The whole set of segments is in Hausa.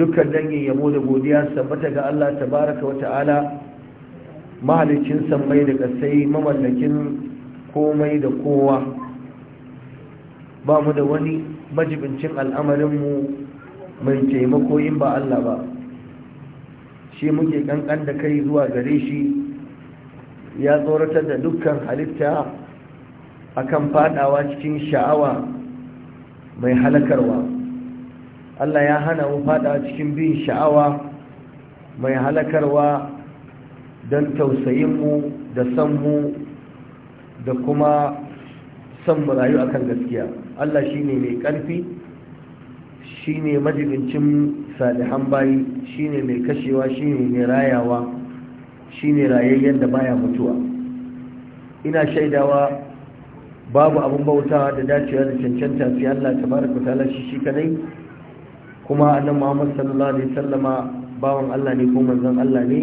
dukkan dangin yabo da godiya sabbata ga Allah tabaraka wa ta'ala mahalicin sammai da kasai mamallakin komai da kowa ba mu da wani majibincin al'amarinmu mai taimako in ba Allah ba shi muke kankan da kai zuwa gare shi ya tsoratar da dukkan halitta akan fadawa cikin sha'awa mai halakarwa Allah ya hana mu fada cikin bin sha'awa mai halakarwa don tausayinmu da sanmu da kuma san mu rayu kan gaskiya Allah shi ne mai ƙarfi shi ne majibincin salihan bayi ne mai kashewa shi ne mai rayawa shi ne rayayyen da baya mutuwa ina shaidawa babu abin bautawa da dacewa da cancanta sai Allah ta ta'ala shi shi kadai kuma annan muhammad sallallahu alaihi sallama bawan allah ne ko manzon allah ne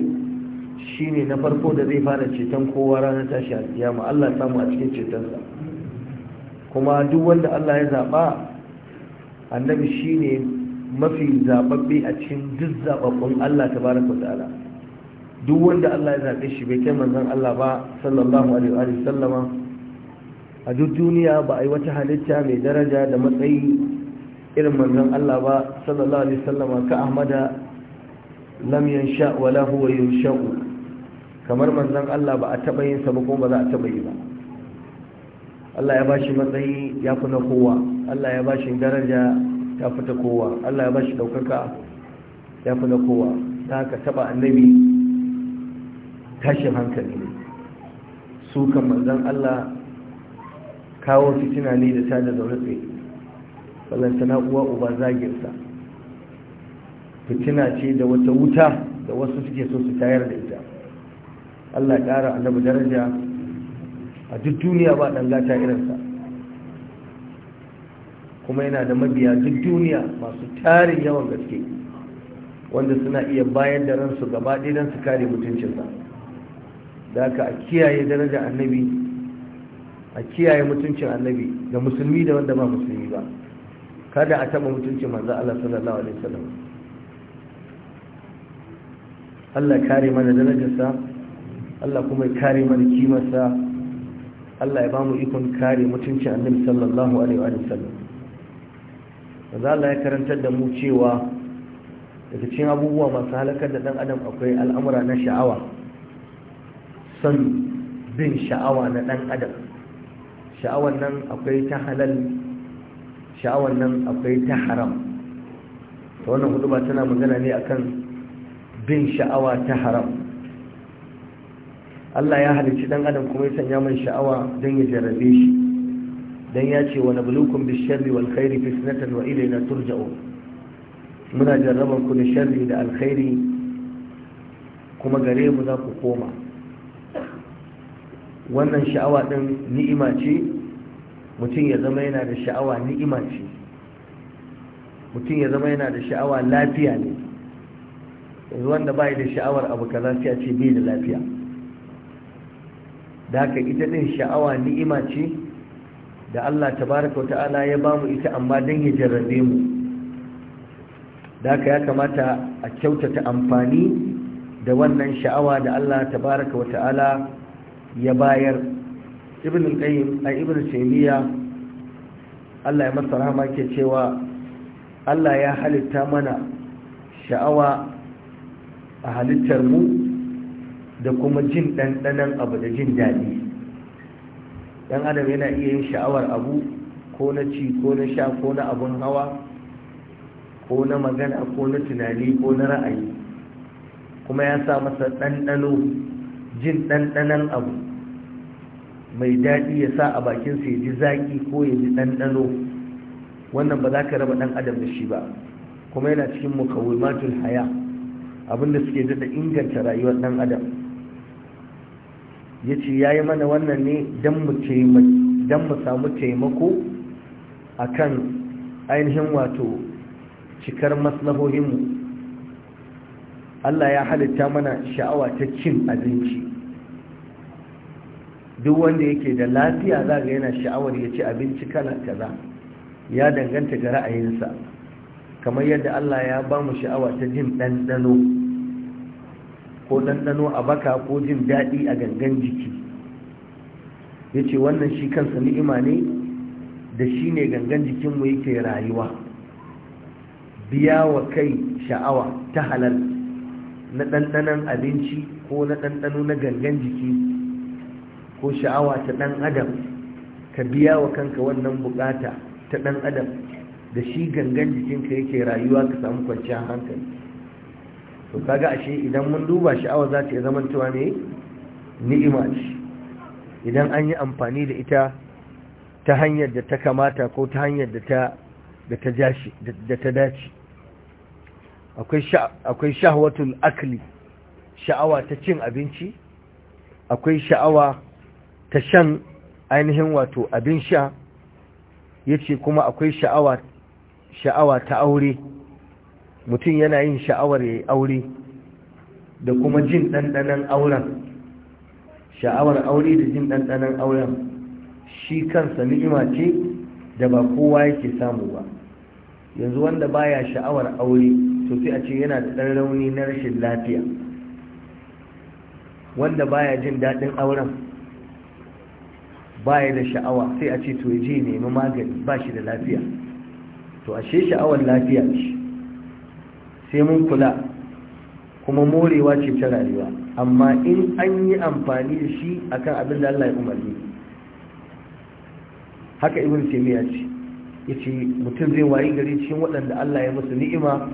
shine na farko da zai fara ceton kowa ranar tashi a kiyama allah samu a cikin cetonsa kuma duk wanda allah ya zaba annabi shine mafi zababbe a cikin duk zababbun allah tabaraka ta'ala duk wanda allah ya zabe shi bai kai manzon allah ba sallallahu alaihi wa sallama a duk duniya ba a yi wata halitta mai daraja da matsayi irin manzon Allah ba sallallahu alaihi wasallam ka ahmada lam yansha wala huwa Sha'u. kamar manzon Allah ba a taɓa yin sa ba kuma ba za a taɓa yi ba Allah ya bashi matsayi ya fi na kowa Allah ya bashi daraja ya fi ta kowa Allah ya bashi daukaka ya fi na kowa ta haka taɓa annabi tashin hankali ne su kan manzon Allah kawo fitina ne da ta da zaune tsaye balantana uwa uba zaginsa fitina ce da wata wuta da wasu suke so su tayar da ita Allah ƙara annabi daraja a duk duniya ba dangata irinsa kuma yana da mabiya duk duniya masu tarin yawan gaske wanda suna iya bayan da ransu gaba ɗaya don su kare mutuncinsa da aka a kiyaye daraja annabi a kiyaye mutuncin annabi da musulmi da wanda ba musulmi ba kada a taɓa mutuncin manzo Allah sallallahu alaihi wasallam Allah kare mana darajarsa Allah kuma ya kare mana kimarsa Allah ya bamu ikon kare mutuncin Annabi sallallahu alaihi wasallam manzo Allah ya karantar da mu cewa daga cikin abubuwa masu halakar da dan adam akwai al'amura na sha'awa son bin sha'awa na dan adam sha'awar nan akwai ta halal sha'awar nan akwai ta haram ta wannan hudu ba tana magana ne a kan bin sha'awa ta haram Allah ya halicci dan adam kuma ya sanya mai sha'awa don ya jarabe shi dan ya ce wa nabluukum bish-sharri wal khairi fitnatan wa ilayna turja'un muna jarraban ku da sharri da alkhairi kuma gare mu za ku koma wannan sha'awa din ni'ima ce mutum ya zama yana da sha'awa ni'ima ce mutum ya zama yana da sha'awa lafiya ne yanzu wanda bai da sha'awar abu kaza sai ce bai da lafiya da haka ita din sha'awa ni'ima ce da Allah tabaraka ta'ala ya bamu ita amma dan ya jarrabe mu da haka ya kamata a kyautata amfani da wannan sha'awa da Allah tabaraka ta'ala ya bayar ibn al-qayyim ay ibn taymiya Allah ya masa rahama ke cewa Allah ya halitta mana sha'awa a halittar mu da kuma jin ɗanɗanon abu da jin daɗi dan adam yana iya yin sha'awar abu ko na ci ko na sha ko na abun hawa ko na magana ko na tunani ko na ra'ayi kuma ya sa masa ɗanɗano jin ɗanɗanon abu mai daɗi ya sa a bakinsa ya ji zaƙi ko ya ji ɗanɗano wannan ba za ka raba ɗan adam da shi ba kuma yana cikin mukawimatul haya abinda suke daɗa inganta rayuwar ɗan adam ya ce ya yi mana wannan ne don mu samu taimako a kan ainihin wato cikar maslahohinmu Allah ya halitta mana sha'awa ta cin abinci duk wanda yake da lafiya za ga yana sha'awar ya ci abinci kala kaza ya danganta ga ra'ayinsa kamar yadda Allah ya ba mu sha'awa ta jin ɗanɗano ko ɗanɗano a baka ko jin daɗi a gangan jiki ya ce wannan shi kansa ni'ima ne da shi ne gangan jikinmu yake rayuwa biya wa kai sha'awa ta halal na ɗanɗanon abinci ko na ɗanɗano na gangan jiki ko sha'awa ta ɗan adam ka biya wa kanka wannan bukata ta ɗan adam da shi gangan jikinka yake rayuwa ka samu kwanciyar hankali to kaga ashe idan mun duba sha'awa za ta iya zamantowa ne ni'ima ce idan an yi amfani da ita ta hanyar da ta kamata ko ta hanyar da ta dace akwai sha'awatul akli sha'awa ta cin abinci akwai sha'awa ta shan ainihin wato abin sha ya ce kuma akwai sha'awa ta aure mutum yana yin sha'awar ya yi aure da kuma jin ɗanɗanan auren sha'awar aure da jin ɗanɗanan auren shi kansa ni'ima ce da ba kowa yake samu ba yanzu wanda baya sha'awar aure to sai a ce yana da ɗan rauni na rashin lafiya wanda baya jin daɗin auren baya da sha'awa sai a ce to je nemi magani ba shi da lafiya to a ashe sha'awar lafiya shi sai mun kula kuma morewa ce ta rayuwa amma in an yi amfani da shi akan abin da Allah ya umarni haka ibn taymiya ce yace mutum zai wayi gari cikin waɗanda Allah ya musu ni'ima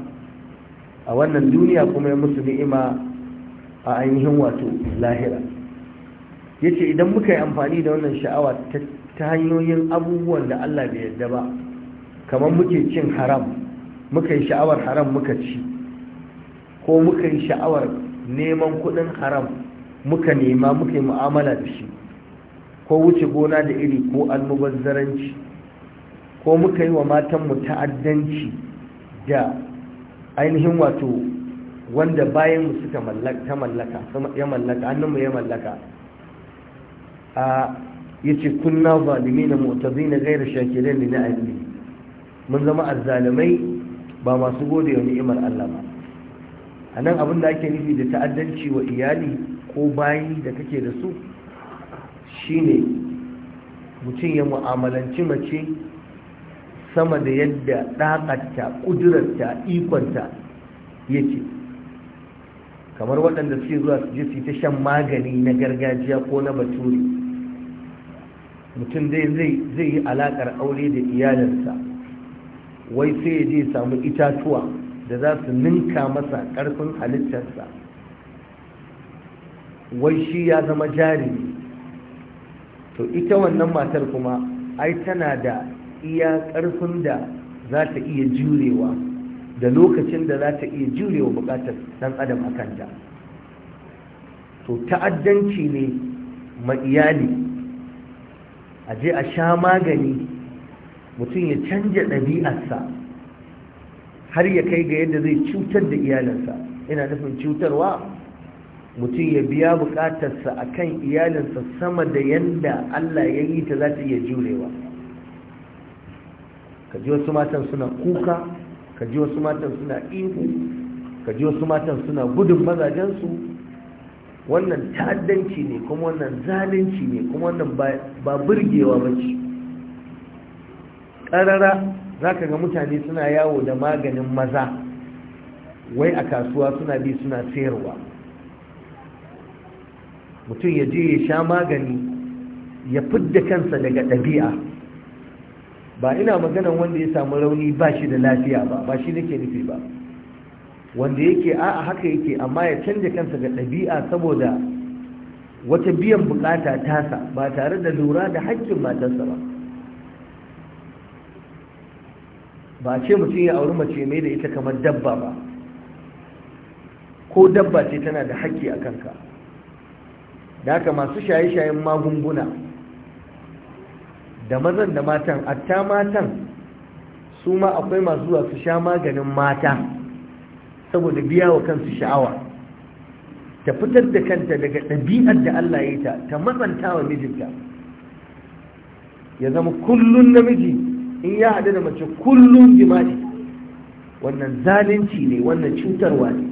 a wannan duniya kuma ya musu ni'ima a ainihin wato lahira yace idan muka yi amfani da wannan sha'awa ta hanyoyin abubuwan da Allah bai yarda ba kamar muke cin haram muka yi sha'awar haram muka ci ko muka yi sha'awar neman kudin haram muka nema muka yi mu'amala da shi ko wuce gona da iri ko almubazzaranci ko muka yi wa matanmu ta'addanci da ainihin wato wanda bayanmu suka mallaka ya mallaka hannunmu ya mallaka a yace kunna mutazi na gairar shakirin na ni'ami mun zama azzalimai ba masu gode wa ni'imar Allah ba anan abin da ake nufi da ta'addanci wa iyali ko bayi da kake da su shine mutum ya mu'amalanci mace sama da yadda ɗaƙatta ƙudurarta ikonta yake kamar waɗanda suke zuwa su je su ta shan magani na gargajiya ko na baturi mutum zai yi alaƙar aure da iyalinsa wai sai ya je samu itatuwa da za su ninka masa ƙarfin halittarsa wai shi ya zama jarumi to ita wannan matar kuma ai tana da iya ƙarfin da za ta iya jurewa da lokacin da za ta iya jurewa buƙatar dan adam a kanta to ta'addanci ne ma iyali a je a sha magani mutum ya canja ɗabi'arsa har ya kai ga yadda zai cutar da iyalinsa ina nufin cutarwa mutum ya biya bukatarsa a kan iyalinsa sama da yadda allah ya yi ta za ta iya jurewa ka ji wasu matan suna kuka ka ji wasu matan suna ihu ka ji wasu matan suna gudun mazajensu wannan ta'addanci ne kuma wannan zalunci ne kuma wannan ba burgewa ba ce ƙarara za ka ga mutane suna yawo da maganin maza wai a kasuwa suna bi suna sayarwa mutum ya je ya sha magani ya fidda kansa daga ɗabi'a ba ina maganan wanda ya samu rauni ba shi da lafiya ba ba shi nake nufi ba wanda yake a haka yake amma ya canja kansa ga ɗabi'a saboda wata biyan bukata tasa ba tare da lura da haƙƙin matarsa ba ba ce mutum ya auri mace mai da ita kamar dabba ba ko dabba ce tana da haƙƙi a kanka da haka masu shaye-shayen magunguna da mazan da matan atta matan su ma akwai masu zuwa su sha maganin mata saboda biya wa kansu sha'awa ta fitar da kanta daga ɗabi'ar da Allah ya yi ta ta matsanta wa mijinta ya zama kullum namiji in ya haɗu da mace kullun jima'i wannan zalunci ne wannan cutarwa ne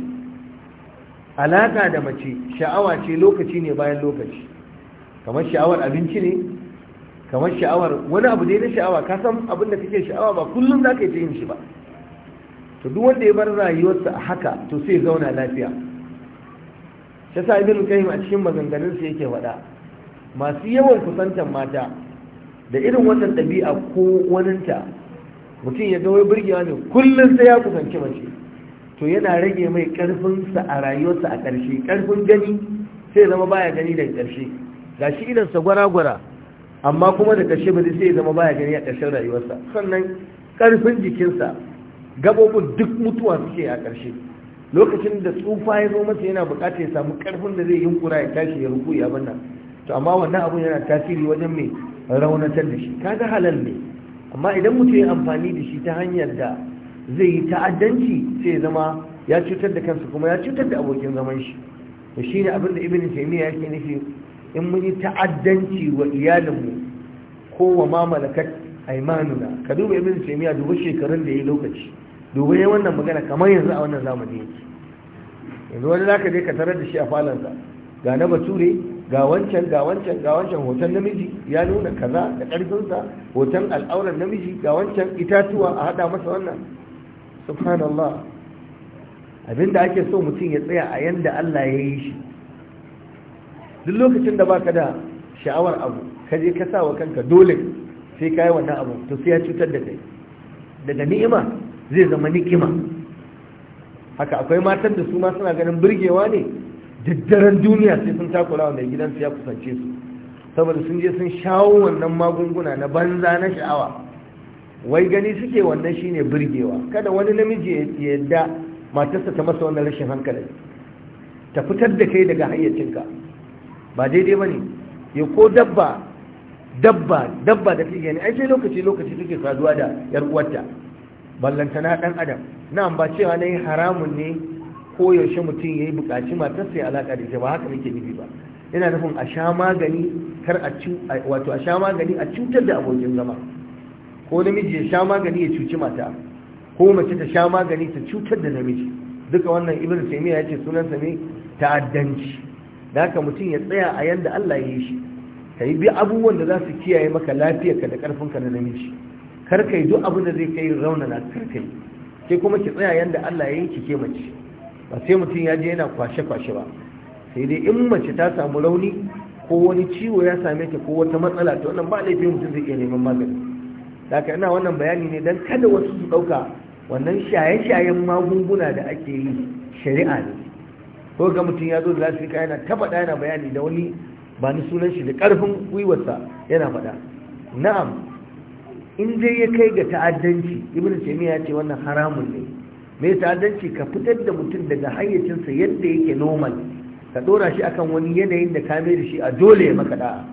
alaƙa da mace sha'awa ce lokaci ne bayan lokaci kamar sha'awar abinci ne kamar sha'awar wani abu ne na sha'awa ka san abin da kake sha'awa ba kullum za ka yi ta yin shi ba to duk wanda ya bar rayuwarsa a haka to sai zauna lafiya shi sa ibn kayyim a cikin maganganun sa yake faɗa masu yawan kusantar mata da irin wannan ɗabi'a ko waninta mutum ya ga burgewa ne kullum sai ya kusanci mace to yana rage mai ƙarfinsa a rayuwarsa a ƙarshe ƙarfin gani sai zama baya gani daga ƙarshe gashi idansa gwara-gwara amma kuma da ƙarshe ba sai zama baya gani a ƙarshen rayuwarsa sannan karfin jikinsa gabobin duk mutuwa suke a ƙarshe lokacin da tsufa ya zo masa yana buƙatar ya samu ƙarfin da zai yunkura ya tashi ya ruku ya banna to amma wannan abun yana tasiri wajen mai raunatar da shi kaga halal ne amma idan mutum ya amfani da shi ta hanyar da zai yi ta'addanci sai ya zama ya cutar da kansa kuma ya cutar da abokin zaman shi to shine abin da ibnu taymiya yake nufi in mun yi ta'addanci wa iyalinmu ko wa mamalakat aimanuna ka duba ibn taymiya duba shekarun da yayi lokaci duba yayin wannan magana kamar yanzu a wannan zamani yake yanzu wani zaka je ka tarar da shi a falansa ga na bature ga wancan ga wancan ga wancan hoton namiji ya nuna kaza da karfinsa hoton al'auran namiji ga wancan itatuwa a hada masa wannan subhanallah abinda ake so mutum ya tsaya a yanda Allah ya yi shi duk lokacin da baka da sha'awar abu ka je ka sa wa kanka dole sai ka yi wannan abu to sai ya cutar da kai daga ni'ima zai zama ni'ima haka akwai matan da su ma suna ganin burgewa ne daddaren duniya sai sun takura wa mai gidansu ya kusance su saboda sun je sun shawo wannan magunguna na banza na sha'awa wai gani suke wannan shine birgewa. kada wani namiji ya yadda matarsa ta masa wannan rashin hankali ta fitar da kai daga hayyacinka ba daidai ba ne ya ko dabba dabba dabba da take ai sai lokaci lokaci take saduwa da yar uwarta ballantana dan adam na'am ba cewa nayi haramun ne ko yaushe mutum yayi bukaci matar sai alaka da ita ba haka nake nufi ba ina nufin a sha magani kar a ci, wato a sha magani a cutar da abokin zama ko namiji ya sha magani ya cuci mata ko mace ta sha magani ta cutar da namiji duka wannan ibnu taymiya yace sunansa ne ta'addanci da haka mutum ya tsaya a yanda Allah ya yi shi ka yi bi abubuwan da za su kiyaye maka ka da ka na namiji kar ka yi duk abin da zai kai raunana kar ka sai kuma ki tsaya yanda Allah ya yi ke mace ba sai mutum ya je yana kwashe-kwashe ba sai dai in mace ta samu rauni ko wani ciwo ya same ta ko wata matsala ta wannan ba laifin mutum zai iya neman magani ka ina wannan bayani ne don kada wasu su ɗauka wannan shaye-shayen magunguna da ake yi shari'a ne ko ga mutum ya zo da ka yana ta faɗa yana bayani da wani ba ni sunan shi da ƙarfin gwiwarsa yana faɗa na'am in dai ya kai ga ta'addanci ibnu taymiya ya ce wannan haramun ne me ta'addanci ka fitar da mutum daga hayyacinsa yadda yake normal ka dora shi akan wani yanayin da ka mai da shi a dole ya maka da'a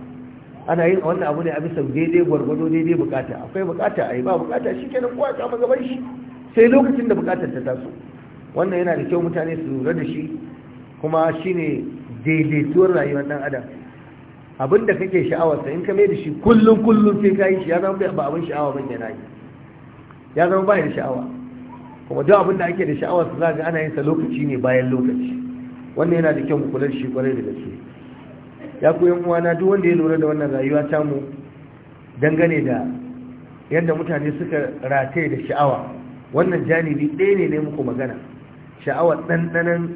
ana yin wannan abu ne a bisa daidai gwargwado daidai bukata akwai bukata a ba bukata shi kenan kowa ta gaban shi sai lokacin da bukatar ta taso wannan yana da kyau mutane su lura da shi kuma shine daidaituwar rayuwar dan adam abin da kake sha'awarsa in ka mai da shi kullum kullum sai ka yi shi ya zama ba abin sha'awa ban yana yi ya zama ba da sha'awa kuma duk abin da ake da sha'awa su za ga ana yin sa lokaci ne bayan lokaci wannan yana da kyau kula da shi kwarai da gaske ya ku yan uwana duk wanda ya lura da wannan rayuwa ta mu dangane da yadda mutane suka rataye da sha'awa wannan janibi ɗaya ne ne muku magana sha'awar ɗanɗanan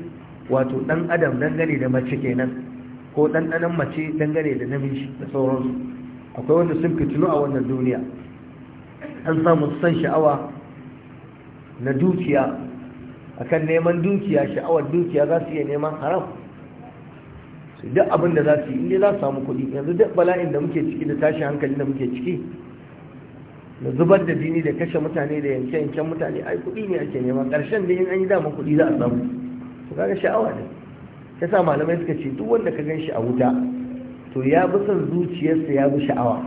wato ɗan adam dangane da mace kenan ko ɗanɗanon mace dangane da namiji da sauransu akwai wanda sun fitinu a wannan duniya an samu san sha'awa na dukiya akan neman dukiya sha'awar dukiya za su iya neman haram su duk abin da za su yi inda za su samu kuɗi yanzu duk bala'in da muke ciki da tashin hankali da muke ciki da zubar da jini da kashe mutane da yanke-yanken mutane ai kuɗi ne ake neman ƙarshen da yin an yi dama kuɗi za a samu su kaga sha'awa ne ya sa malamai suka ce duk wanda ka gan shi a wuta to ya bi son zuciyarsa ya bi sha'awa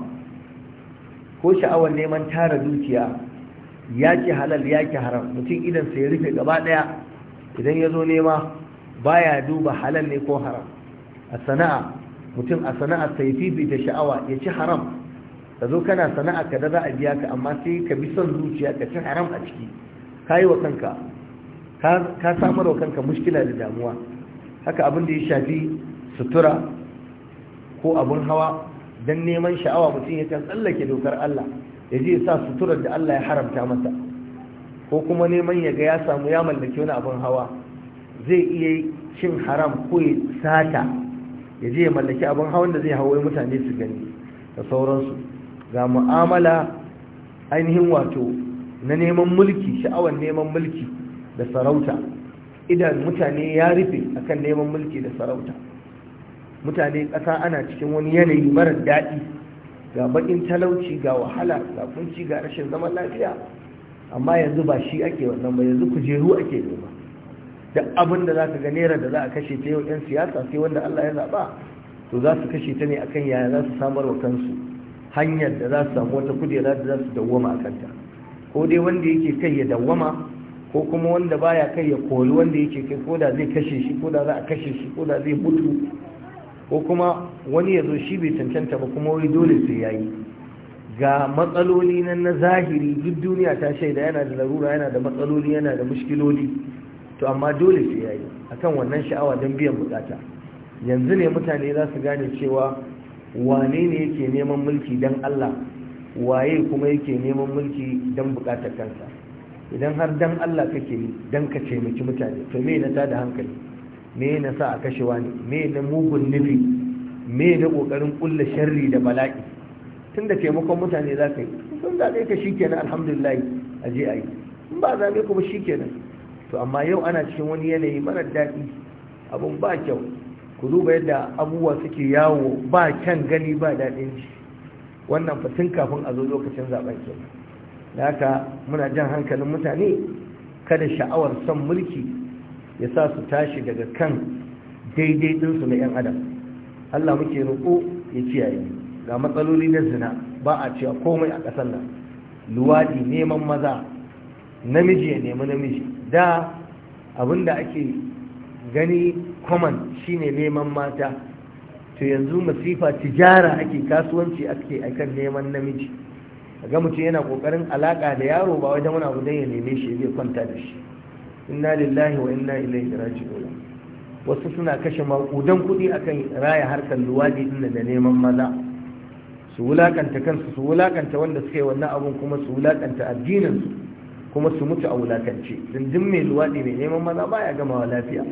ko sha'awar neman tara zuciya ya ki halal ya ki haram mutum sa ya rufe gaba ɗaya idan ya zo nema baya duba halal ne ko haram a sana'a mutum a sana'a sai da sha'awa ya ci haram ka zo kana sana'a ka da za a biya ka amma sai ka bi son zuciya ka ci haram a ciki ka yi wa kanka ka samar wa kanka mushkila da damuwa haka abin da ya shafi sutura ko abin hawa don neman sha'awa mutum yakan tsallake dokar Allah ya je sa suturar da Allah ya haramta masa ko kuma neman ya ga ya samu ya mallaki wani abin hawa zai iya cin haram ko ya sata ya je ya mallaki abin hawan da zai hawaye mutane su gani da sauransu ga mu'amala ainihin wato na neman mulki sha'awar neman mulki da sarauta idan mutane ya rufe akan neman mulki da sarauta mutane ƙasa ana cikin wani yanayi marar daɗi ga baƙin talauci ga wahala ga kunci ga rashin zaman lafiya amma yanzu ba shi ake wannan ba yanzu kujeru ake noma da abin da za ka ga naira da za a kashe ta yau 'yan siyasa sai wanda Allah ya zaɓa to za su kashe ta ne akan yaya za su samar wa kansu hanyar da za su samu wata kujera da za su dawwama a kanta ko dai wanda yake kai ya dawwama ko kuma wanda baya kai ya koli wanda yake kai ko da zai kashe shi ko da za a kashe shi ko da zai mutu ko kuma wani ya zo shi bai cancanta ba kuma wai dole sai yayi ga matsaloli nan na zahiri duk duniya ta shaida yana da larura yana da matsaloli yana da mushkiloli to amma dole sai yayi akan wannan sha'awa don biyan bukata yanzu ne mutane za su gane cewa wane ne yake neman mulki don Allah waye kuma yake neman mulki don bukatar kansa idan har dan Allah kake yi dan ka taimaki mutane to me na tada hankali me na sa a kashewa ne me na mugun nufi me na kokarin kulla sharri da bala'i tunda taimakon mutane za ka yi sun da ka shikenan alhamdulillah a je a yi in ba zaɓe kuma shikenan to amma yau ana cikin wani yanayi mara daɗi abun ba kyau ku duba yadda abubuwa suke yawo ba kyan gani ba daɗin shi wannan fa tun kafin a zo lokacin zaben kenan da haka muna jan hankalin mutane kada sha'awar son mulki ya sa su tashi daga kan daidai ɗinsu na 'yan adam allah muke roƙo ya kiyaye ga matsaloli na zina ba a cewa komai a ƙasar nan luwaɗi neman maza namiji ya nemi namiji da abinda ake gani common shine neman mata to yanzu masifa tijara ake kasuwanci ake akan neman namiji ga mutum yana kokarin alaka da yaro ba wajen wani abu dai ya neme shi zai kwanta da shi inna lillahi wa inna ilaihi raji'un wasu suna kashe makudan kuɗi akan raya harkan luwadi din da neman maza su wulakanta kansu su wulakanta wanda suka yi wannan abun kuma su wulakanta addinin su kuma su mutu a wulakance dindin mai luwadi mai neman maza baya gamawa lafiya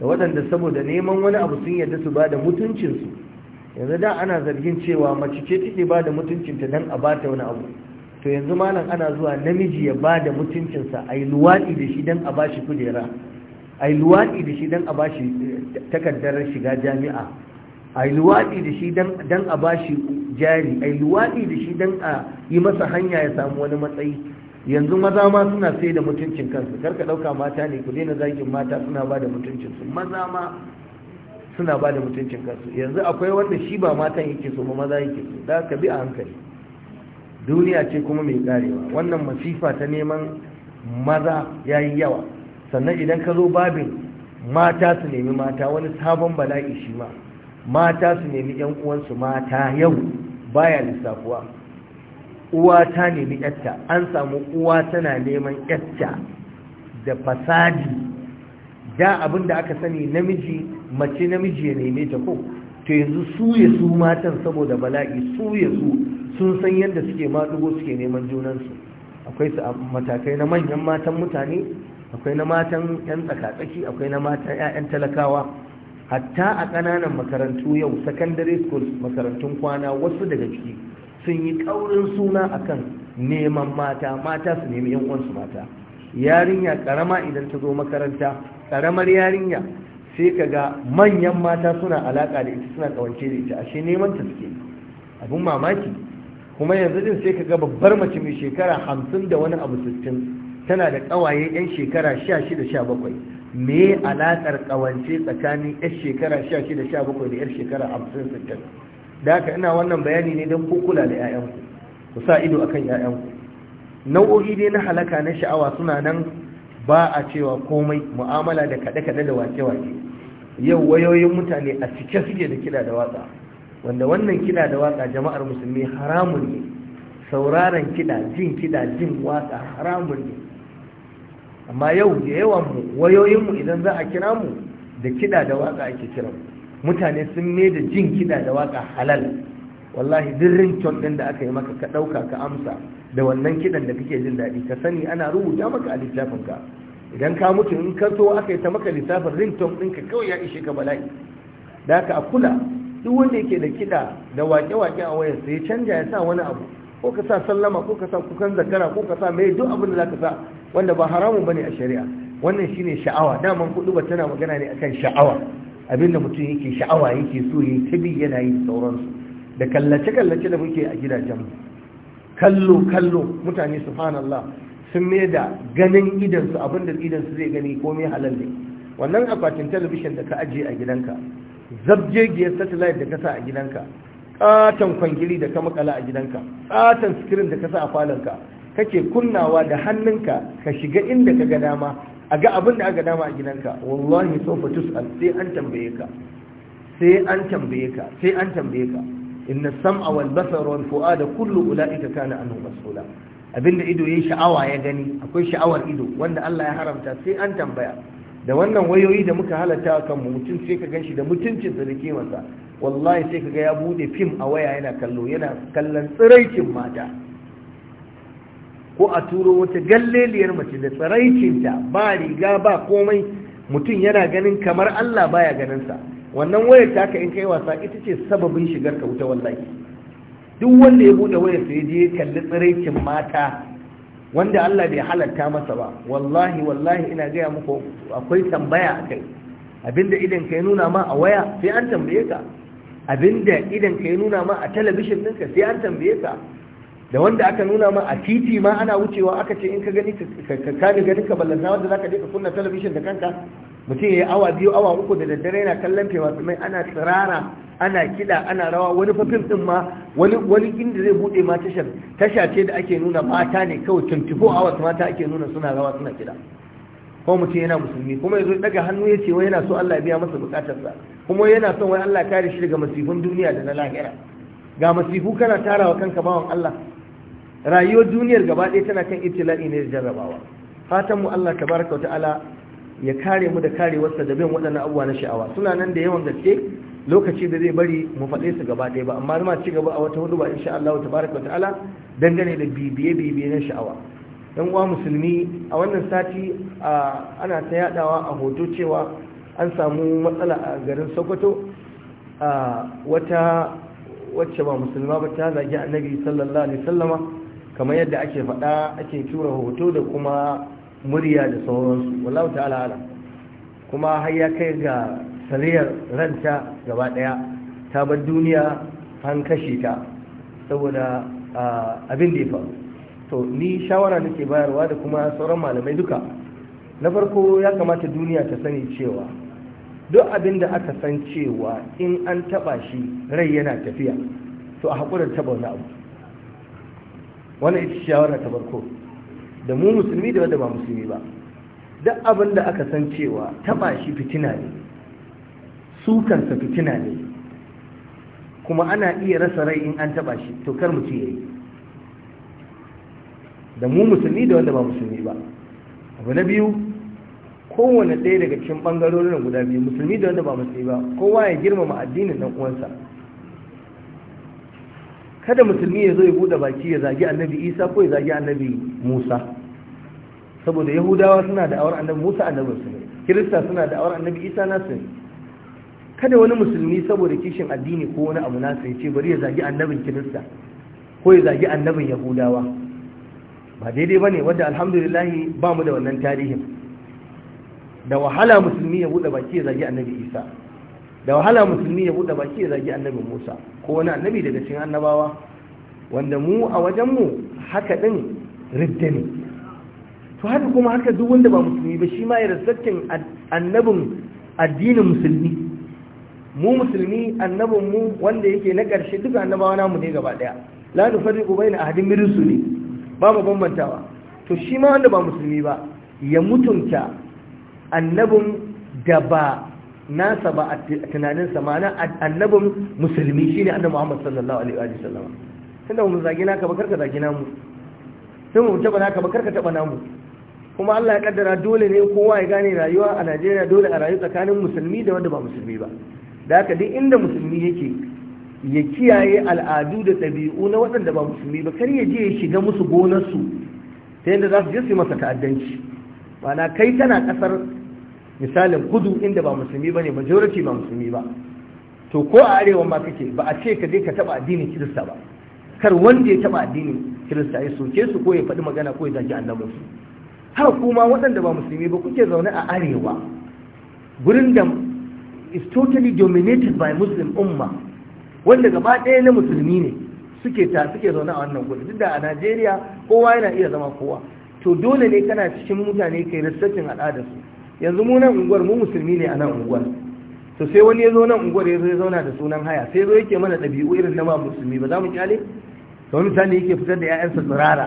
da waɗanda saboda neman wani abu sun yarda su ba da mutuncinsu yanzu da ana zargin cewa mace ce take ba da mutuncinta dan a bata wani abu to yanzu malam ana zuwa namiji ya ba da mutuncinsa a yi luwaɗi da shi dan a ba shi kujera a yi luwaɗi da shi dan a ba shi eh, takardar shiga jami'a a yi luwaɗi da shi dan a ba shi jari a yi luwaɗi da shi dan a yi masa hanya ya samu wani matsayi yanzu maza ma suna sai da mutuncin kansu ka ɗauka mata ne ku daina zagin mata suna ba da mutuncinsu maza ma suna ba da mutuncin kansu yanzu akwai wanda shi ba matan yake so ba maza yake so da ka bi a hankali duniya ce kuma mai karewa wannan masifa ta neman maza ya yi yawa sannan idan ka zo babin mata su nemi mata wani sabon bala'i shi ma mata su nemi yan uwansu mata yau baya lissafuwa uwa ta nemi yatta an samu uwa tana neman yatta da fasadi da abin da aka sani namiji mace namiji ya neme ta ko to yanzu su ya su matan saboda bala'i su ya su sun san yadda suke maɗugo suke neman junansu akwai matakai na manyan matan mutane akwai na matan 'yan tsakatsaki akwai na matan 'ya'yan talakawa hatta a ƙananan makarantu yau secondary school makarantun kwana wasu daga ciki sun yi ƙaurin suna akan neman mata mata su nemi 'yan uwansu mata yarinya ƙarama idan ta zo makaranta karamar yarinya sai ka ga manyan mata suna alaka da ita suna kawance da ita ashe neman ta suke abun mamaki kuma yanzu din sai ka ga babbar mace mai shekara hamsin da wani abu sittin tana da kawaye yan shekara sha shida sha bakwai me alakar kawance tsakanin yan shekara sha shida sha bakwai da yan shekara hamsin sittin da haka ina wannan bayani ne don kukula da 'ya'yanku ku sa ido akan 'ya'yanku nau'o'i dai na halaka na sha'awa suna nan ba a cewa komai mu'amala da kaɗe-kaɗe da wake-wake yau wayoyin mutane a cike suke da kiɗa da watsa wanda wannan kiɗa da watsa jama'ar musulmi haramun ne sauraron kiɗa jin kiɗa jin watsa haramun ne amma yau da yawan mu wayoyinmu idan za a kira mu da kiɗa da watsa ake kiran mutane sun mai da jin kiɗa da watsa halal wallahi duk ringtone din da aka yi maka ka ɗauka ka amsa da wannan kiɗan da kake jin daɗi ka sani ana rubuta maka a littafin ka idan ka mutu in ka so aka yi ta maka littafin ringtone ɗinka kawai ya ishe ka bala'i da aka a kula duk wanda yake da kiɗa da waƙe-waƙe a wayar sai canja ya sa wani abu ko ka sa sallama ko ka sa kukan zakara ko ka sa mai duk abin da za ka sa wanda ba haramun bane a shari'a wannan shine sha'awa daman kuɗi ba tana magana ne akan sha'awa abinda mutum yake sha'awa yake so yayi tabi yana yi sauransu da kallace-kallace da muke a gidajen kallo-kallo mutane subhanallah sun mai da ganin idansu abinda idansu zai gani ko komai halal ne wannan akwatin talabishin da ka ajiye a gidanka zabjegiyar satellite da ka sa a gidanka katon kwangiri da ka makala a gidanka katon screen da ka sa a falonka kake kunnawa da hannunka ka shiga inda ka ga dama a ga abin da aka dama a gidanka wallahi sofa tus'al sai an tambaye ka sai an tambaye ka sai an tambaye ka inna sam'a والبصر والفؤاد كل fu'ada kullu عنه kana anhu mas'ula abinda ido yayi sha'awa ya gani akwai sha'awar ido wanda Allah ya haramta sai an tambaya da wannan wayoyi da muka halatta kan mu mutum sai ka ganshi da mutuncin da yake masa. wallahi sai kaga ya bude fim a waya yana kallo yana kallon tsiraicin mata ko a turo wata galleliyar mace da tsiraicinta ba riga ba komai mutum yana ganin kamar Allah baya ganin sa wannan wayar ta ka in kai wasa ita ce sababin shigar ka wuta wallahi duk wanda ya bude wayar sai je kalli tsiraicin mata wanda Allah bai halatta masa ba wallahi wallahi ina gaya muku akwai tambaya kai. abinda idan ka ya nuna ma a waya sai an tambaye ka abinda idan ka ya nuna ma a talabishin ɗinka sai an tambaye ka da wanda aka nuna ma a titi ma ana wucewa aka ce in ka gani ka kani ganin ka ballanta wanda zaka je ka kunna talabishin da kanka mutum ya yi awa biyu awa uku da daddare yana kallon fewa mai ana tsirara ana kiɗa ana rawa wani fafin ɗin ma wani inda zai buɗe ma tashar tasha ce da ake nuna mata ne kawai 24 hours mata ake nuna suna rawa suna kiɗa ko mutum yana musulmi kuma ya daga hannu ya ce wai yana so Allah ya biya masa bukatarsa kuma yana son wai Allah kare shi daga masifun duniya da na lahira ga masifu kana tarawa kanka bawan Allah rayuwar duniyar gaba ɗaya tana kan ibtila'i ne da jarrabawa Fatanmu mu Allah tabaraka wa ta'ala ya kare mu da kare karewarsa da bin waɗannan abuwa na sha'awa suna nan da yawan gaske lokaci da zai bari mu faɗe su gaba ɗaya ba amma ma ci gaba a wata hudu ba insha Allah tabaraka wa ta'ala dangane da bibiye bibiye na sha'awa dan uwa musulmi a wannan sati ana ta yaɗawa a hoto cewa an samu matsala a garin Sokoto wata wacce ba musulma ba ta zagi annabi sallallahu alaihi wasallama kamar yadda ake faɗa ake tura hoto da kuma murya da sauransu wallahu ta'ala ala kuma har ya kai ga sariyar ranta gaba daya ta bar duniya an kashe ta saboda abin da ya faru to ni shawara nake bayarwa da kuma sauran malamai duka na farko ya kamata duniya ta sani cewa duk abin da aka san cewa in an taba shi rai yana tafiya to a haƙurar taba wani abu wannan ita shawara ta farko da mu musulmi da wanda ba musulmi ba duk abin da aka san cewa taba shi fitina ne sukansa fitina ne kuma ana iya rasa rai in an taba shi to kar mu ci yayi da mu musulmi da wanda ba musulmi ba abu na biyu kowane ɗaya daga cikin ɓangarorin guda biyu musulmi da wanda ba musulmi ba kowa ya girmama addinin dan uwansa kada musulmi ya zo ya buɗe baki ya zagi annabi isa ko ya zagi annabi musa saboda yahudawa suna da awar annabi musa annabin su ne kirista suna da awar annabi isa nasu ne kada wani musulmi saboda kishin addini ko wani abu nasu ya ce bari ya zagi annabin kirista ko ya zagi annabin yahudawa ba daidai ba ne wadda alhamdulillahi ba mu da wannan tarihin da wahala musulmi ya buɗe baki ya zagi annabi isa da wahala musulmi ya buɗe baki ya zagi annabin musa ko wani annabi daga cikin annabawa wanda mu a wajenmu haka ɗin ridda ne to haka kuma haka duk wanda ba musulmi ba shi ma ya rasattin annabin addinin musulmi mu musulmi annabin mu wanda yake na ƙarshe duk annabawa namu ne gaba ɗaya la nufarriqu bayna ahadin min rusuli ba mu bambantawa to shi ma wanda ba musulmi ba ya mutunta annabin da ba nasa ba a tunanin sa. ma'ana annabin musulmi shine annabi Muhammad sallallahu alaihi wa sallam tunda mu zagi naka ba karka zagi namu sai mu taba naka ba karka taba namu kuma Allah ya kaddara dole ne kowa ya gane rayuwa a Najeriya dole a rayu tsakanin musulmi da wanda ba musulmi ba da haka duk inda musulmi yake ya kiyaye al'adu da ɗabi'u na waɗanda ba musulmi ba kar ya je ya shiga musu gonarsu ta yadda za su je su yi masa ta'addanci ma'ana kai tana ƙasar misalin kudu inda ba musulmi ba ne majority ba musulmi ba to ko a arewa ma kake ba a ce ka je ka taɓa addinin kirista ba kar wanda ya taɓa addinin kirista ya soke su ko ya faɗi magana ko ya zaki annabinsu haka kuma waɗanda ba musulmi ba kuke zaune a arewa gurin da is totally dominated by muslim umma wanda gaba ɗaya na musulmi ne suke ta suke zaune a wannan gudu duk da a najeriya kowa yana iya zama kowa to dole ne kana cikin mutane kai al'adar al'adarsu yanzu mu nan unguwar mu musulmi ne a nan unguwar to sai wani ya zo nan unguwar ya zo ya zauna da sunan haya sai zo yake mana ɗabi'u irin na ba musulmi ba za mu kyale to wani misali yake fitar da 'ya'yansa tsirara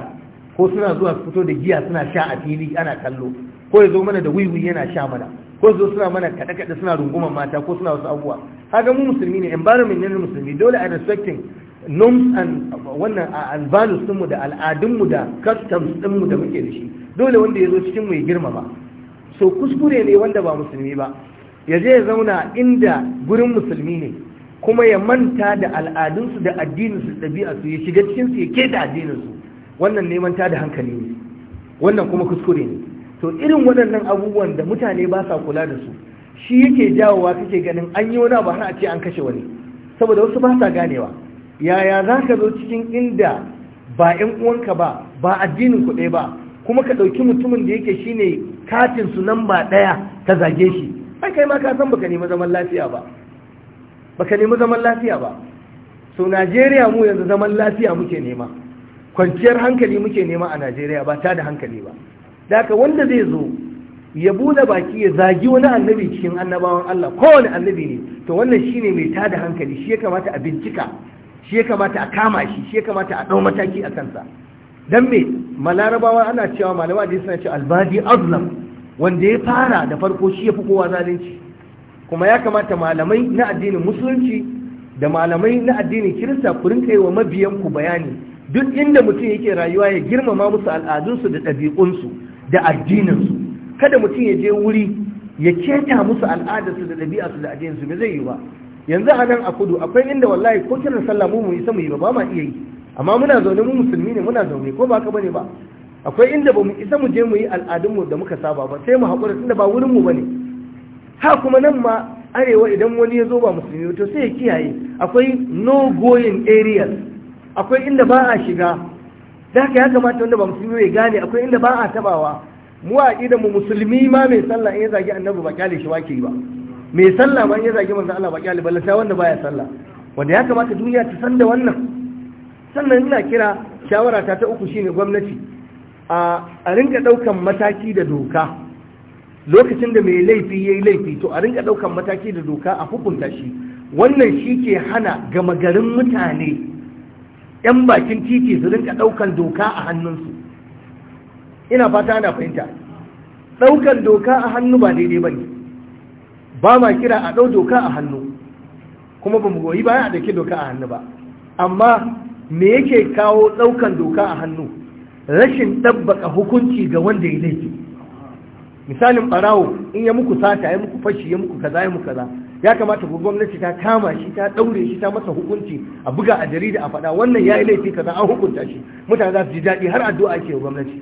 ko suna zuwa su fito da giya suna sha a fili ana kallo ko ya zo mana da wiwi yana sha mana ko zo suna mana kaɗe kaɗe suna rungumar mata ko suna wasu abubuwa kaga mu musulmi ne environment ne musulmi dole a respecting norms and wannan uh, and values din mu da al'adunmu mu da customs din mu da muke da shi dole wanda ya zo cikin mu ya girmama so kuskure ne wanda ba musulmi ba ya je ya zauna inda gurin musulmi ne kuma ya manta da al'adunsu da addininsu da ɗabi'arsu ya shiga cikinsu ya keta addininsu wannan neman ta da hankali ne wannan kuma kuskure ne to irin waɗannan abubuwan da mutane ba sa kula da su shi yake jawowa kake ganin an yi wani abu har a ce an kashe wani saboda wasu ba sa ganewa yaya za ka zo cikin inda ba 'yan uwanka ba ba addinin ku ɗaya ba kuma ka ɗauki mutumin da yake shine katin su nan ba ɗaya ka zage shi ai kai ma ka san baka nemi zaman lafiya ba baka nemi zaman lafiya ba so Najeriya mu yanzu zaman lafiya muke nema kwanciyar hankali muke nema a najeriya ba ta da hankali ba daga wanda zai zo ya buɗe baki ya zagi wani annabi cikin annabawan allah kowane annabi ne to wannan shi ne mai ta da hankali shi ya kamata a bincika shi ya kamata a kama shi shi ya kamata a ɗau mataki a kansa don me malarabawa ana cewa malama da suna cewa albadi azlam wanda ya fara da farko shi ya fi kowa zalunci kuma ya kamata malamai na addinin musulunci da malamai na addinin kirista ku rinka yi wa ku bayani duk inda mutum yake rayuwa ya girmama musu al'adunsu da ɗabi'unsu da addininsu kada mutum ya je wuri ya keta musu al'adarsu da ɗabi'arsu da addininsu ba zai yi ba yanzu a nan a kudu akwai inda wallahi ko kiran sallah mu mu isa mu yi ba ba ma iya yi amma muna zaune mu musulmi ne muna zaune ko ba ka bane ba akwai inda ba mu isa mu je mu yi al'adunmu da muka saba ba sai mu haƙura tunda ba wurinmu ba ne ha kuma nan ma arewa idan wani ya zo ba musulmi to sai ya kiyaye akwai no going areas akwai inda ba a shiga da haka ya kamata wanda ba musulmi ya gane akwai inda ba a tabawa mu a idan mu musulmi ma mai sallah in ya zagi annabi ba kyale shi wake ba mai sallah ma in ya zagi manzo Allah ba kyale ba sai wanda baya sallah wanda ya kamata duniya ta san da wannan sannan ina kira shawara ta ta uku shine gwamnati a a rinka daukan mataki da doka lokacin da mai laifi yayi laifi to a rinka daukan mataki da doka a hukunta shi wannan shi ke hana gama garin mutane 'yan bakin titi su rinka ɗaukan doka a hannunsu ina fata ana fahimta ɗaukan doka a hannu ba daidai ba ne ba ma kira a ɗau doka a hannu kuma ba mu goyi ba a ɗauki doka a hannu ba amma me yake kawo ɗaukan doka a hannu rashin ɗabbaka hukunci ga wanda ya laifi misalin ɓarawo in ya muku sata ya muku fashi ya muku kaza ya muku kaza ya kamata ku gwamnati ta kama shi ta daure shi ta masa hukunci a buga a jarida a faɗa wannan ya yi laifi kaza an hukunta shi mutane za su ji daɗi har addu'a ake wa gwamnati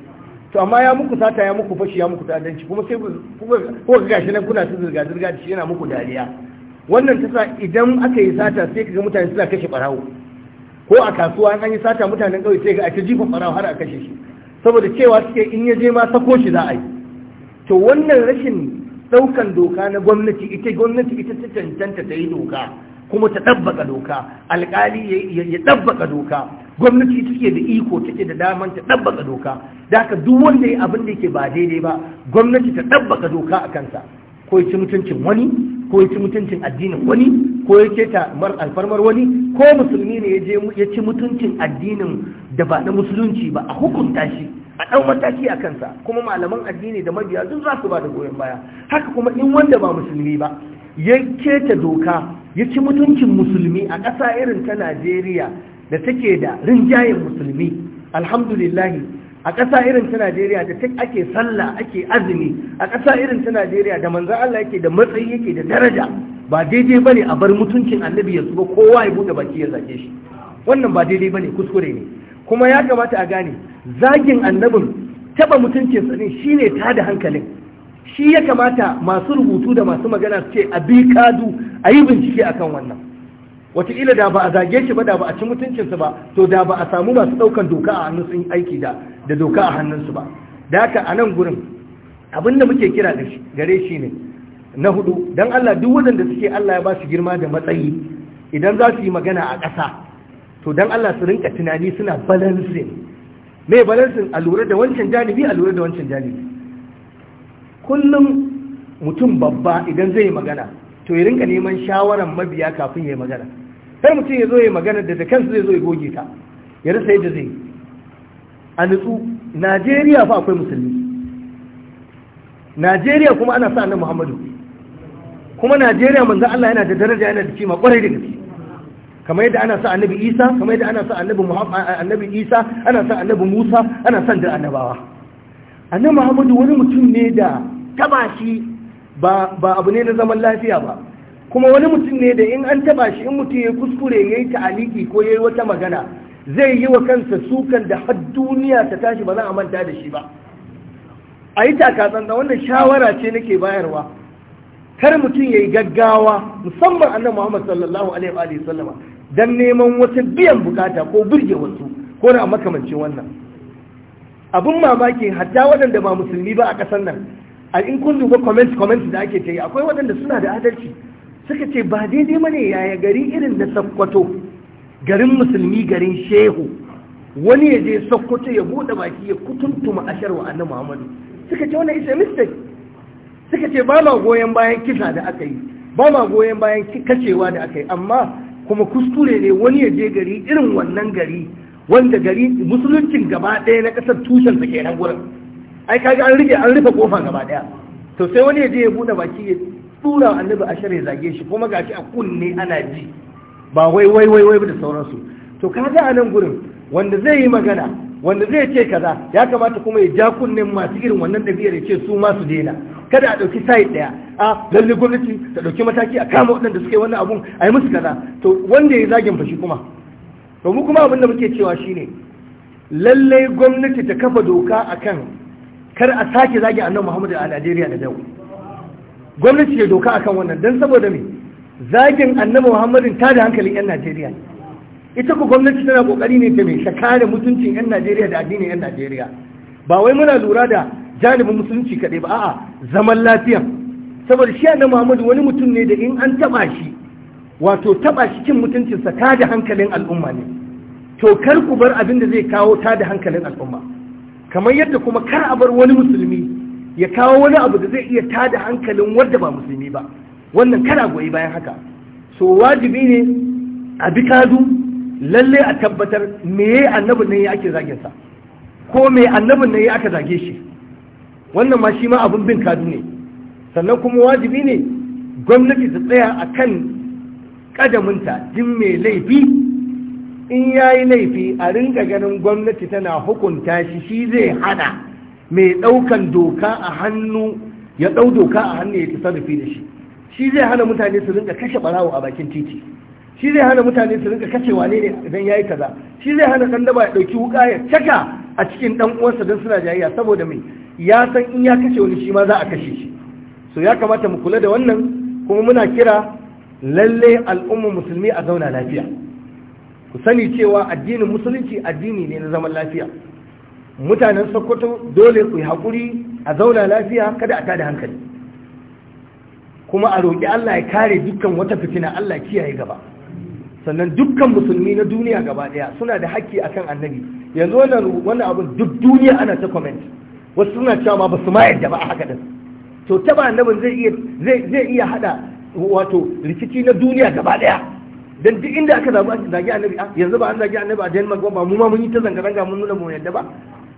to amma ya muku sata ya muku fashi ya muku ta'addanci kuma sai ku ga gashi nan kuna ta zirga zirga shi yana muku dariya wannan ta sa idan aka yi sata sai kaga mutane suna kashe ɓarawo. ko a kasuwa an yi sata mutanen kauye sai ga a ta jifa ɓarawo har a kashe shi saboda cewa suke in ya je ma sako shi za a yi to wannan rashin Daukan doka na gwamnati ita gwamnati ita ta tantanta ta yi doka kuma ta ɗabbaka doka alkali ya ɗabbaka doka gwamnati ke da iko take da daman ta ɗabbaka doka da haka duk wanda ya abin da yake ba daidai ba gwamnati ta ɗabbaka doka a kansa ko ya ci mutuncin wani ko ya ci mutuncin addinin wani ko ya keta mar alfarmar wani ko musulmi ne ya ya ci mutuncin addinin da ba na musulunci ba a hukunta shi a ɗan mataki a kansa kuma malaman addini da mabiya duk za su ba da goyon baya haka kuma in wanda ba musulmi ba ya keta doka ya ci mutuncin musulmi a ƙasa irin ta najeriya da take da rinjayen musulmi alhamdulillahi a ƙasa irin ta Najeriya da take ake sallah ake azumi a ƙasa irin ta Najeriya da manzan Allah yake da matsayi yake da daraja ba daidai ne a bar mutuncin annabi ya zuba kowa ya buɗe baki ya zage shi wannan ba daidai ne kuskure ne kuma ya kamata a gane zagin annabin taɓa mutuncin sa ne shine da hankalin shi ya kamata masu rubutu da masu magana su ce a bi kadu a yi bincike akan wannan wataƙila da ba a zage shi ba da ba a ci mutuncinsu ba to da ba a samu masu ɗaukan doka a hannun sun aiki da da doka a hannunsu ba da haka a nan gurin abin da muke kira gare shi ne na hudu don Allah duk waɗanda suke Allah ya ba su girma da matsayi idan za su yi magana a ƙasa to don Allah su rinka tunani suna balansin me balansin a lura da wancan janibi a lura da wancan janibi kullum mutum babba idan zai yi magana to ya rinka neman shawaran mabiya kafin ya yi magana sai mutum ya zo ya magana da kansu zai zo ya goge ta ya rasa yadda zai a nutsu najeriya fa akwai musulmi najeriya kuma ana sa annabi muhammadu kuma najeriya manzan Allah yana da daraja yana da kima kwarai da gaske kamar yadda ana sa annabi isa kamar yadda ana sa annabi annabi isa ana sa annabi musa ana san da annabawa annabi muhammadu wani mutum ne da taba shi ba abu ne na zaman lafiya ba kuma wani mutum ne da in an taba shi in mutum ya kuskure ya yi ta'aliki ko ya yi wata magana zai yi wa kansa sukan da har duniya ta tashi ba za a manta da shi ba a yi takatsan da wannan shawara ce nake bayarwa kar mutum ya yi gaggawa musamman annabi muhammad sallallahu alaihi wa sallama dan neman wata biyan bukata ko birge wasu ko na makamancin wannan abin mamaki hatta waɗanda ba musulmi ba a ƙasar nan a in kun duba comments comments da ake ta yi akwai waɗanda suna da adalci suka ce ba daidai mana yaya gari irin na sakkwato garin musulmi garin shehu wani ya je sakkwato ya buɗe baki ya kutuntuma ashar wa annabi muhammadu suka ce wannan isa mistake suka ce ba ma goyon bayan kisa da aka yi ba ma goyon bayan kacewa da aka yi amma kuma kuskure ne wani ya je gari irin wannan gari wanda gari musuluncin gaba ɗaya na ƙasar tushensa kenan gurin ai kaga an rufe an rufe kofa gaba ɗaya to sai wani ya je ya buɗe baki ya. tura annabi a shirya zage shi kuma shi a kunne ana ji ba wai wai wai wai da sauransu to kaga a nan gurin wanda zai yi magana wanda zai ce kaza ya kamata kuma ya ja kunnen masu irin wannan ɗabi'ar ya ce su masu su daina kada a ɗauki sayi ɗaya a lalle gwamnati ta ɗauki mataki a kama waɗanda suka wannan abun a yi musu kaza to wanda ya zagin fashi kuma to mu kuma abin da muke cewa shine lallai gwamnati ta kafa doka akan kar a sake zagi annabi Muhammadu a Najeriya da yau gwamnati ya doka akan wannan don saboda me zagin annabi muhammadin ta da hankalin yan najeriya ita ku gwamnati tana kokari ne ta mai shakare mutuncin yan najeriya da addinin yan najeriya ba wai muna lura da janibin musulunci kaɗai ba a'a zaman lafiya saboda shi annabi muhammadu wani mutum ne da in an taɓa shi wato taɓa shi cin mutuncinsa ta da hankalin al'umma ne to kar ku bar abin da zai kawo ta da hankalin al'umma kamar yadda kuma kar a bar wani musulmi ya kawo wani abu da zai iya tada hankalin wanda ba musulmi ba wannan kana goyi bayan haka so wajibi ne a bi kadu lalle a tabbatar ya annabin nan ya ake zagin sa ko me annabin nan ya aka zage shi wannan ma shi ma abin bin kadu ne sannan kuma wajibi ne gwamnati ta tsaya a kan kadaminta jin mai laifi in ya yi laifi a ringa ganin gwamnati tana hukunta shi shi zai hana mai ɗaukan doka a hannu ya ɗau doka a hannu ya sarrafi da shi shi zai hana mutane su rinka kashe ɓarawo a bakin titi shi zai hana mutane su rinka kashe wane ne idan yayi kaza shi zai hana ɗan ba ya ɗauki wuka ya caka a cikin ɗan uwansa don suna jayayya saboda mai ya san in ya kashe wani shi ma za a kashe shi so ya kamata mu kula da wannan kuma muna kira lalle al'ummar musulmi a zauna lafiya ku sani cewa addinin musulunci addini ne na zaman lafiya mutanen sokoto dole ku yi haƙuri a zauna lafiya kada a tada hankali kuma a roƙi allah ya kare dukkan wata fitina allah kiyaye gaba sannan dukkan musulmi na duniya gaba ɗaya suna da haƙƙi akan annabi yanzu wannan wannan abin duk duniya ana ta comment wasu suna cewa ma ba su ma yadda ba a haka din to taba annabin zai iya zai iya wato rikici na duniya gaba ɗaya dan duk inda aka zabi zagi annabi yanzu ba an zagi annabi a Denmark ba mu ma mun yi ta zanga zanga mun nuna mu yadda ba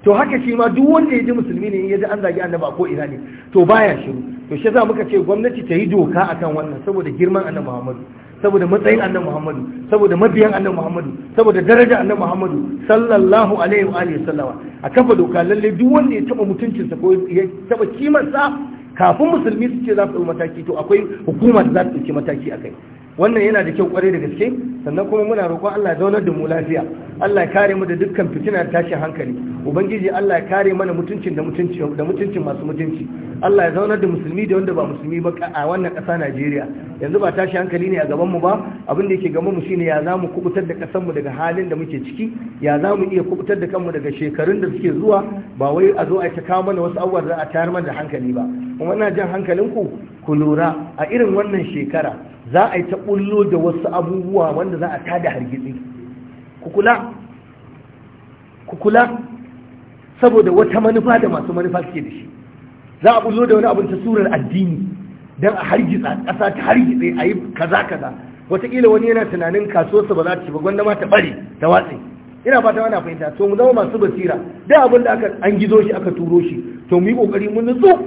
to haka shi ma duk wanda ya ji musulmi ne ya ji an zagi annaba ko ina ne to baya shiru to shi za muka ce gwamnati ta yi doka akan wannan saboda girman annabi Muhammadu saboda matsayin annabi Muhammadu saboda mabiyan annabi Muhammadu saboda daraja annabi Muhammadu sallallahu alaihi wa alihi sallama a kafa doka lalle duk wanda ya taba mutuncinsa ko ya taba kimansa kafin musulmi su ce za su mataki to akwai hukuma da za su ɗauki mataki a kai wannan yana da kyau kwarai da gaske sannan kuma muna roƙon Allah ya zaunar da mu lafiya Allah ya kare mu da dukkan fitina da tashin hankali ubangiji Allah ya kare mana mutuncin da mutunci da mutuncin masu mutunci Allah ya zaunar da musulmi da wanda ba musulmi ba a wannan ƙasa Najeriya yanzu ba tashi hankali ne a gaban mu ba abin da yake gaban mu shine ya zamu kubutar da ƙasar mu daga halin da muke ciki ya zamu iya kubutar da kanmu daga shekarun da suke zuwa ba wai a zo a ta kawo mana wasu abubuwa za a tayar mana da hankali ba kuma ina jan hankalinku ku lura a irin wannan shekara za a yi ta bullo da wasu abubuwa wanda za a tada hargitsi kukula kukula saboda wata manufa da masu manufa suke da shi za a ɓullo da wani abin ta surar addini don a hargitsa ƙasa ta hargitse a yi kaza kaza wataƙila wani yana tunanin kasuwarsa ba za ta ci ba gwanda ma ta bare ta watsi ina fata wani fahimta to mu zama masu basira da abin da aka an gizo shi aka turo shi to mu yi kokari mu nutsu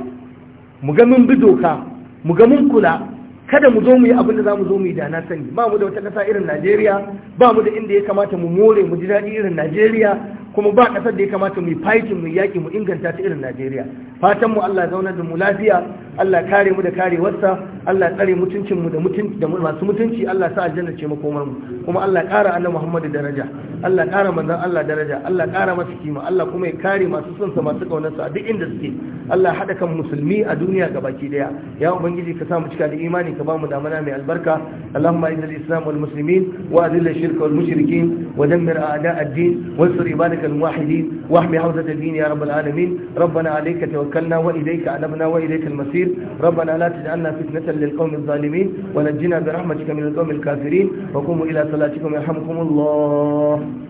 mu ga mun bi doka mu ga mun kula kada mu zo mu yi abin da za mu zo mu yi da na sani ba mu da wata ƙasa irin najeriya ba mu da inda ya kamata mu more mu ji daɗi irin najeriya kuma ba ƙasar da ya kamata mu yi fighting mu yaƙi mu inganta ta irin najeriya fatan mu Allah zauna da mu lafiya Allah kare mu da karewarsa Allah tsare mutuncin mu da mutunci da masu mutunci Allah sa aljanna ce makomar mu kuma Allah kara annabi Muhammadu daraja Allah kara manzon Allah daraja Allah kara masa kima Allah kuma ya kare masu son sa masu kaunar sa a duk inda suke Allah hada kan musulmi a duniya gabaki daya ya ubangiji ka sa mu cika da imani ka ba mu damana mai albarka Allahumma izzil islam wal muslimin wa adhil shirka wal mushrikin wa dammir a'da ad-din wansur ibadaka al-muwahhidin wa ahmi hawzat ad-din ya rabbal alamin ربنا عليك توكلنا وإليك أنبنا وإليك المصير ربنا لا تجعلنا فتنة للقوم الظالمين ونجنا برحمتك من القوم الكافرين وقوموا إلى صلاتكم يرحمكم الله